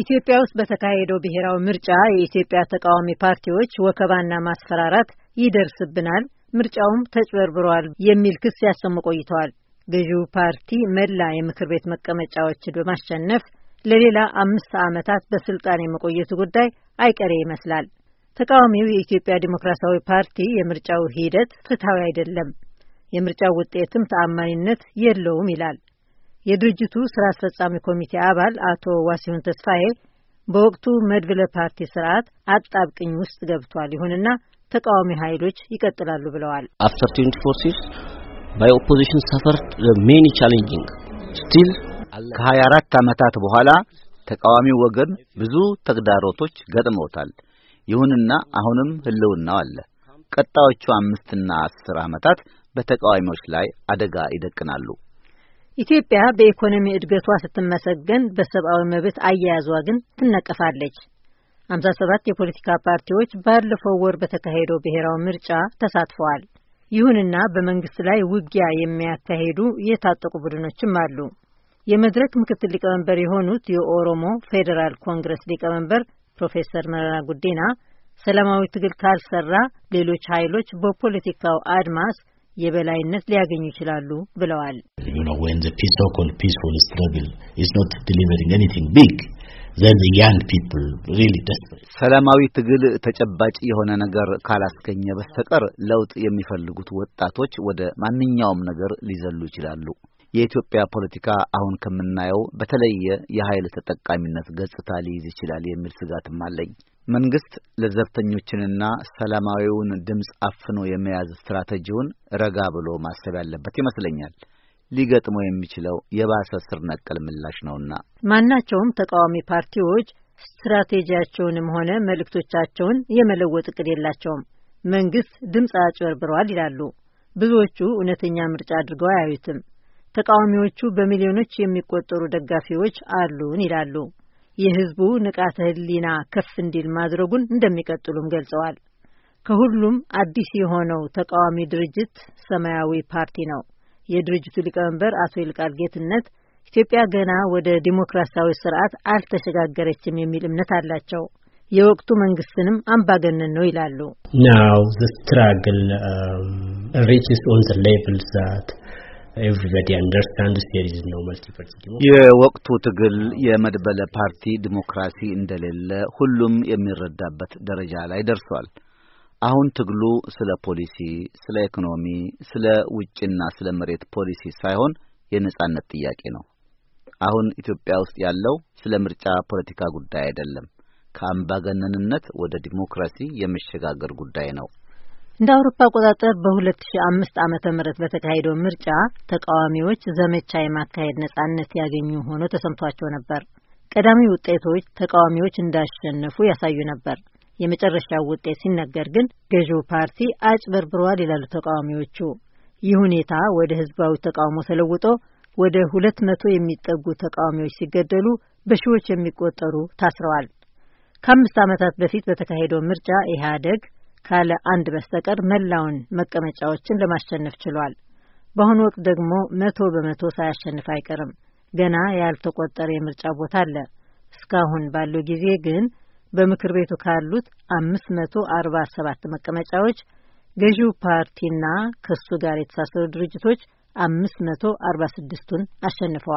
ኢትዮጵያ ውስጥ በተካሄደው ብሔራዊ ምርጫ የኢትዮጵያ ተቃዋሚ ፓርቲዎች ወከባና ማስፈራራት ይደርስብናል፣ ምርጫውም ተጭበርብረዋል የሚል ክስ ያሰሙ ቆይተዋል። ገዢው ፓርቲ መላ የምክር ቤት መቀመጫዎችን በማሸነፍ ለሌላ አምስት ዓመታት በስልጣን የመቆየቱ ጉዳይ አይቀሬ ይመስላል። ተቃዋሚው የኢትዮጵያ ዲሞክራሲያዊ ፓርቲ የምርጫው ሂደት ፍትሐዊ አይደለም፣ የምርጫው ውጤትም ተአማኒነት የለውም ይላል። የድርጅቱ ስራ አስፈጻሚ ኮሚቴ አባል አቶ ዋሲሁን ተስፋዬ በወቅቱ መድብለ ፓርቲ ስርዓት አጣብቅኝ ውስጥ ገብቷል፣ ይሁንና ተቃዋሚ ኃይሎች ይቀጥላሉ ብለዋል። አፍተር 24 ባይ ኦፖዚሽን ሜኒ ቻሌንጂንግ ስቲል ከ24 ዓመታት በኋላ ተቃዋሚ ወገን ብዙ ተግዳሮቶች ገጥመውታል። ይሁንና አሁንም ህልውናው አለ። ቀጣዮቹ አምስትና አስር ዓመታት በተቃዋሚዎች ላይ አደጋ ይደቅናሉ። ኢትዮጵያ በኢኮኖሚ እድገቷ ስትመሰገን በሰብአዊ መብት አያያዟ ግን ትነቀፋለች። ሃምሳ ሰባት የፖለቲካ ፓርቲዎች ባለፈው ወር በተካሄደው ብሔራዊ ምርጫ ተሳትፈዋል። ይሁንና በመንግስት ላይ ውጊያ የሚያካሂዱ የታጠቁ ቡድኖችም አሉ። የመድረክ ምክትል ሊቀመንበር የሆኑት የኦሮሞ ፌዴራል ኮንግረስ ሊቀመንበር ፕሮፌሰር መረራ ጉዲና ሰላማዊ ትግል ካልሰራ ሌሎች ኃይሎች በፖለቲካው አድማስ የበላይነት ሊያገኙ ይችላሉ ብለዋል። ሰላማዊ ትግል ተጨባጭ የሆነ ነገር ካላስገኘ በስተቀር ለውጥ የሚፈልጉት ወጣቶች ወደ ማንኛውም ነገር ሊዘሉ ይችላሉ። የኢትዮጵያ ፖለቲካ አሁን ከምናየው በተለየ የኃይል ተጠቃሚነት ገጽታ ሊይዝ ይችላል የሚል ስጋትም አለኝ። መንግስት ለዘብተኞችንና ሰላማዊውን ድምፅ አፍኖ የመያዝ ስትራቴጂውን ረጋ ብሎ ማሰብ ያለበት ይመስለኛል። ሊገጥመው የሚችለው የባሰ ስር ነቀል ምላሽ ነውና ማናቸውም ተቃዋሚ ፓርቲዎች ስትራቴጂያቸውንም ሆነ መልእክቶቻቸውን የመለወጥ እቅድ የላቸውም። መንግስት ድምፅ አጭበርብረዋል ይላሉ። ብዙዎቹ እውነተኛ ምርጫ አድርገው አያዩትም። ተቃዋሚዎቹ በሚሊዮኖች የሚቆጠሩ ደጋፊዎች አሉን ይላሉ። የህዝቡ ንቃተ ህሊና ከፍ እንዲል ማድረጉን እንደሚቀጥሉም ገልጸዋል። ከሁሉም አዲስ የሆነው ተቃዋሚ ድርጅት ሰማያዊ ፓርቲ ነው። የድርጅቱ ሊቀመንበር አቶ ይልቃል ጌትነት ኢትዮጵያ ገና ወደ ዲሞክራሲያዊ ስርዓት አልተሸጋገረችም የሚል እምነት አላቸው። የወቅቱ መንግስትንም አምባገነን ነው ይላሉ። ናው ስትራግል ሪችስ ኦን ዘ ሌቭል ዛት ኤቭሪባዲ አንደርስታንድስ ዜር ኢዝ ኖ የወቅቱ ትግል የመድበለ ፓርቲ ዲሞክራሲ እንደሌለ ሁሉም የሚረዳበት ደረጃ ላይ ደርሷል። አሁን ትግሉ ስለ ፖሊሲ፣ ስለ ኢኮኖሚ፣ ስለ ውጭና ስለ መሬት ፖሊሲ ሳይሆን የነጻነት ጥያቄ ነው። አሁን ኢትዮጵያ ውስጥ ያለው ስለ ምርጫ ፖለቲካ ጉዳይ አይደለም። ከአምባገነንነት ወደ ዲሞክራሲ የመሸጋገር ጉዳይ ነው። እንደ አውሮፓ አቆጣጠር በ2005 ዓመተ ምህረት በተካሄደው ምርጫ ተቃዋሚዎች ዘመቻ የማካሄድ ነጻነት ያገኙ ሆኖ ተሰምቷቸው ነበር። ቀዳሚ ውጤቶች ተቃዋሚዎች እንዳሸነፉ ያሳዩ ነበር። የመጨረሻው ውጤት ሲነገር ግን ገዢው ፓርቲ አጭበርብሯል ይላሉ ተቃዋሚዎቹ። ይህ ሁኔታ ወደ ህዝባዊ ተቃውሞ ተለውጦ ወደ ሁለት መቶ የሚጠጉ ተቃዋሚዎች ሲገደሉ በሺዎች የሚቆጠሩ ታስረዋል። ከአምስት ዓመታት በፊት በተካሄደው ምርጫ ኢህአደግ ካለ አንድ በስተቀር መላውን መቀመጫዎችን ለማሸነፍ ችሏል። በአሁኑ ወቅት ደግሞ መቶ በመቶ ሳያሸንፍ አይቀርም። ገና ያልተቆጠረ የምርጫ ቦታ አለ። እስካሁን ባለው ጊዜ ግን በምክር ቤቱ ካሉት አምስት መቶ አርባ ሰባት መቀመጫዎች ገዢው ፓርቲና ከሱ ጋር የተሳሰሩ ድርጅቶች አምስት መቶ አርባ ስድስቱን አሸንፈዋል።